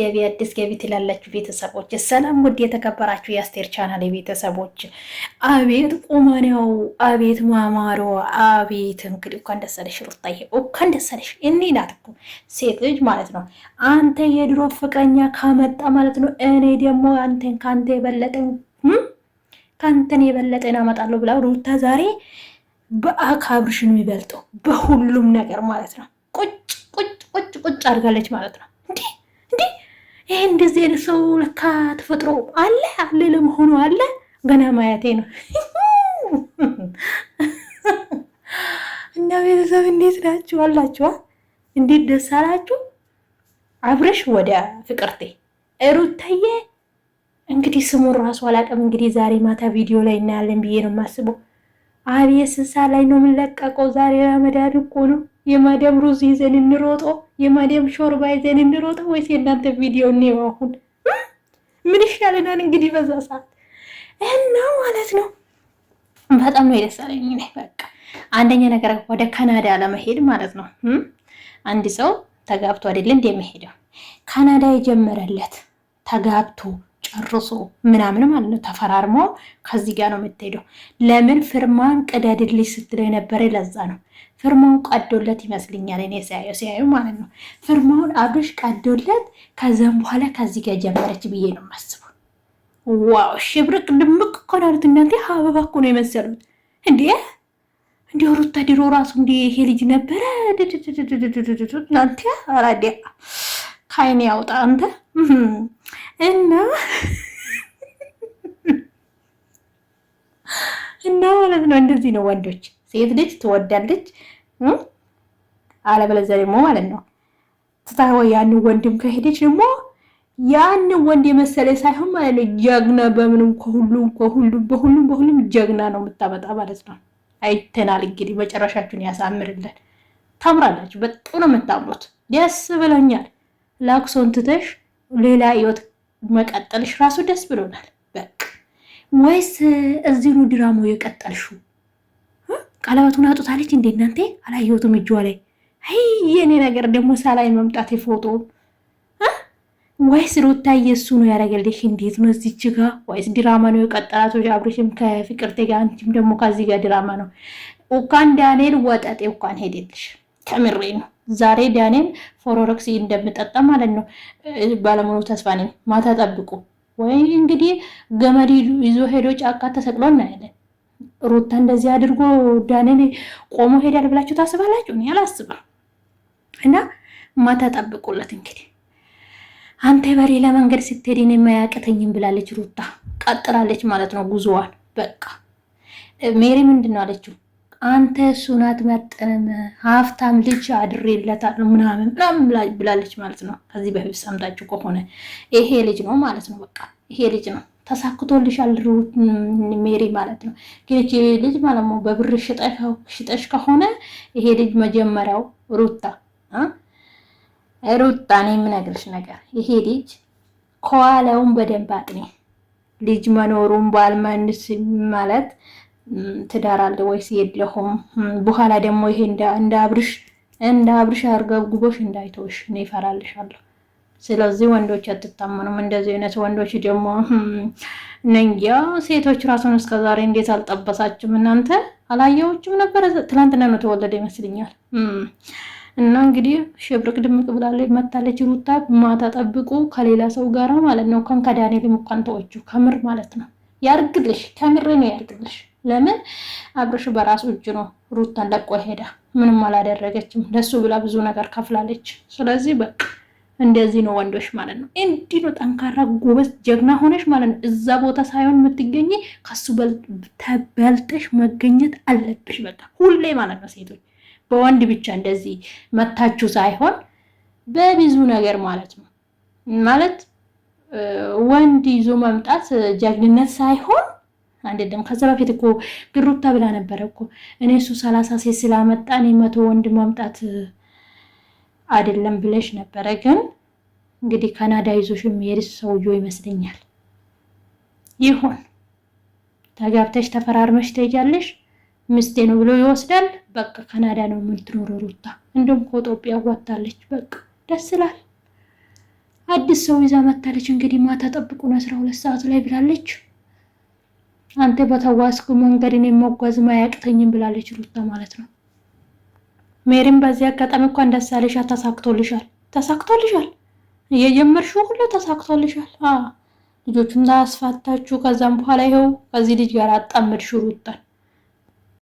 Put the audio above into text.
ገቢ አዲስ ገቢ ትላላችሁ ቤተሰቦች፣ ሰላም ውድ የተከበራችሁ የአስቴር ቻናል ቤተሰቦች፣ አቤት ቁመኔው፣ አቤት ማማሮ፣ አቤት እንግዲህ እንኳን ደሰለሽ ሩታዬ፣ እንኳን ደሰለሽ። እኔ ናት እኮ ሴት ልጅ ማለት ነው። አንተ የድሮ ፍቅረኛ ካመጣ ማለት ነው እኔ ደግሞ አንተን ከአንተ የበለጠን ከአንተን የበለጠን አመጣለሁ ብላ ሩታ ዛሬ በአካብርሽን የሚበልጠው በሁሉም ነገር ማለት ነው። ቁጭ ቁጭ ቁጭ ቁጭ አድርጋለች ማለት ነው እንዴ ይሄ እንደዚህ አይነት ሰው ለካ ተፈጥሮ አለ አለ ለመሆኑ አለ ገና ማያቴ ነው። እና ቤተሰብ እንዴት ናችሁ? አላችኋ? እንዴት ደስ አላችሁ? አብረሽ ወደ ፍቅርቴ እሩታየ እንግዲህ ስሙን ራሱ አላውቅም። እንግዲህ ዛሬ ማታ ቪዲዮ ላይ እናያለን ብዬ ነው የማስበው። አብየ ላይ ነው የምንለቀቀው ዛሬ። ረመዳን እኮ ነው የማዲያም ሩዝ ይዘን እንሮጦ፣ የማዲያም ሾርባ ይዘን እንሮጦ ወይስ የእናንተ ቪዲዮ እኔው? አሁን ምን ይሻለናል? እንግዲህ በዛ ሰዓት እና ማለት ነው በጣም ነው የደስ አለኝ። በቃ አንደኛ ነገር ወደ ካናዳ ለመሄድ ማለት ነው አንድ ሰው ተጋብቶ አይደል እንደሚሄደው ካናዳ የጀመረለት ተጋብቶ ጨርሶ ምናምን ማለት ነው። ተፈራርሞ ከዚህ ጋር ነው የምትሄደው። ለምን ፍርማን ቅደድልኝ ስትለው የነበረ ለዛ ነው። ፍርማውን ቀዶለት ይመስልኛል እኔ ሲያየው ሲያዩ ማለት ነው። ፍርማውን አብርሽ ቀዶለት ከዘን በኋላ ከዚህ ጋር ጀመረች ብዬ ነው የማስበው። ዋው ሽብርቅ ድምቅ እኮ ነው ያሉት እናንተ። አበባ እኮ ነው የመሰሉት እንዴ! እንዲህ ሩታ ድሮ ራሱ እንዲ ይሄ ልጅ ነበረ እናንተ። አራዲያ ከአይኔ ያውጣ አንተ እና እና ማለት ነው እንደዚህ ነው ወንዶች፣ ሴት ልጅ ትወዳለች፣ አለበለዚያ ደግሞ ማለት ነው ትታወ ያን ወንድም ከሄደች ደግሞ ያን ወንድ የመሰለ ሳይሆን ማለት ነው ጀግና በምንም ከሁሉም ከሁሉም በሁሉም በሁሉም ጀግና ነው የምታመጣ ማለት ነው። አይተናል እንግዲህ መጨረሻችሁን ያሳምርልን። ታምራላችሁ። በጣም ነው የምታምሩት። ደስ ብሎኛል። ላክሶን ትተሽ ሌላ ህይወት መቀጠልሽ ራሱ ደስ ብሎናል። በቃ ወይስ እዚሁ ድራማው የቀጠልሽው? ቀለበቱን አውጥታለች እንዴ እናንተ? አላየሁትም እጇ ላይ። አይ የኔ ነገር ደግሞ ሳላይ መምጣት የፎቶ ወይስ ሩታ እየሱ ነው ያደረገልሽ? እንዴት ነው እዚች ጋ? ወይስ ድራማ ነው የቀጠላቶች? አብሬሽም ከፍቅርቴ ጋር አንቺም ደግሞ ከዚህ ጋር ድራማ ነው። ኡካን ዳንኤል ወጠጤ ኡካን ሄደልሽ ከምሬ ነው። ዛሬ ዳኔን ፎሮረክስ እንደምጠጣ ማለት ነው። ባለሙሉ ተስፋ ነኝ። ማታ ጠብቁ። ወይ እንግዲህ ገመድ ይዞ ሄዶ ጫካ ተሰቅሎ እናያለን። ሩታ እንደዚህ አድርጎ ዳኔን ቆሞ ሄዳል ብላችሁ ታስባላችሁ? እኔ አላስብም። እና ማታ ጠብቁለት እንግዲህ አንተ በሬ ለመንገድ ስትሄድ እኔ የማያቅተኝም ብላለች ሩታ ቀጥላለች ማለት ነው ጉዞዋን። በቃ ሜሪ ምንድን ነው አለችው? አንተ እሱን አትመጥንም፣ ሀብታም ልጅ አድሬለታለሁ ምናምን ምናምን ብላለች ማለት ነው። ከዚህ በፊት ሰምታችሁ ከሆነ ይሄ ልጅ ነው ማለት ነው። በቃ ይሄ ልጅ ነው ተሳክቶልሻል ሜሪ ማለት ነው። ግን ይሄ ልጅ ማለት ነው። በብር ሽጠሽ ከሆነ ይሄ ልጅ መጀመሪያው ሩታ ሩታ እኔ የምነግርሽ ነገር ይሄ ልጅ ከኋላውን በደንብ አጥኔ ልጅ መኖሩን ባልመንስ ማለት ትዳር አለ ወይስ የለሁም? በኋላ ደግሞ ይሄ እንደ አብርሽ እንደ አብርሽ አርገብ ጉቦሽ እንዳይተውሽ እኔ እፈራልሻለሁ። ስለዚህ ወንዶች አትታመኑም። እንደዚህ አይነት ወንዶች ደግሞ ነንጊያ ሴቶች ራሱን እስከዛሬ እንዴት አልጠበሳችም? እናንተ አላየዎችም ነበረ? ትላንትና ነው ተወለደ ይመስልኛል። እና እንግዲህ ሽብርቅ ድምቅ ብላለች መታለች። ሩታ ማታ ጠብቁ፣ ከሌላ ሰው ጋራ ማለት ነው። እንኳን ከዳንኤል እንኳን ተወችው። ከምር ማለት ነው ያርግልሽ፣ ከምር ነው ያርግልሽ። ለምን አብርሽ በራሱ እጅ ነው ሩታን ለቆ ሄዳ፣ ምንም አላደረገችም። ለሱ ብላ ብዙ ነገር ከፍላለች። ስለዚህ በቃ እንደዚህ ነው ወንዶች ማለት ነው። እንዲህ ነው ጠንካራ ጎበዝ ጀግና ሆነሽ ማለት ነው። እዛ ቦታ ሳይሆን የምትገኝ ከሱ ተበልጠሽ መገኘት አለብሽ። በቃ ሁሌ ማለት ነው። ሴቶች በወንድ ብቻ እንደዚህ መታችሁ ሳይሆን በብዙ ነገር ማለት ነው። ማለት ወንድ ይዞ መምጣት ጀግንነት ሳይሆን አይደለም ከዛ በፊት እኮ ግሩታ ብላ ነበረ እኮ እኔ እሱ ሰላሳ ሴት ስላመጣ እኔ መቶ ወንድ ማምጣት አይደለም ብለሽ ነበረ። ግን እንግዲህ ካናዳ ይዞሽ የሚሄድ ሰውዬው ይመስለኛል። ይሁን ተጋብተሽ ተፈራርመሽ ትሄጃለሽ። ምስቴ ነው ብሎ ይወስዳል። በቃ ካናዳ ነው የምትኖረው ሩታ። እንደውም ከኢትዮጵያ ወጥታለች። በቃ ደስ ይላል። አዲስ ሰው ይዛ መታለች። እንግዲህ ማታ ጠብቁን አስራ ሁለት ሰዓት ላይ ብላለች። አንተ በተዋስኩ መንገድ እኔ መጓዝ ማያቅተኝም ብላለች ሩታ ማለት ነው። ሜሪም በዚህ አጋጣሚ እንኳን ደስ ያለሽ፣ ተሳክቶልሻል፣ ተሳክቶልሻል፣ እየጀመርሽው ሁሉ ተሳክቶልሻል። ልጆቹን ታስፋታችሁ፣ ከዛም በኋላ ይኸው ከዚህ ልጅ ጋር አጣመድሽ ሩታን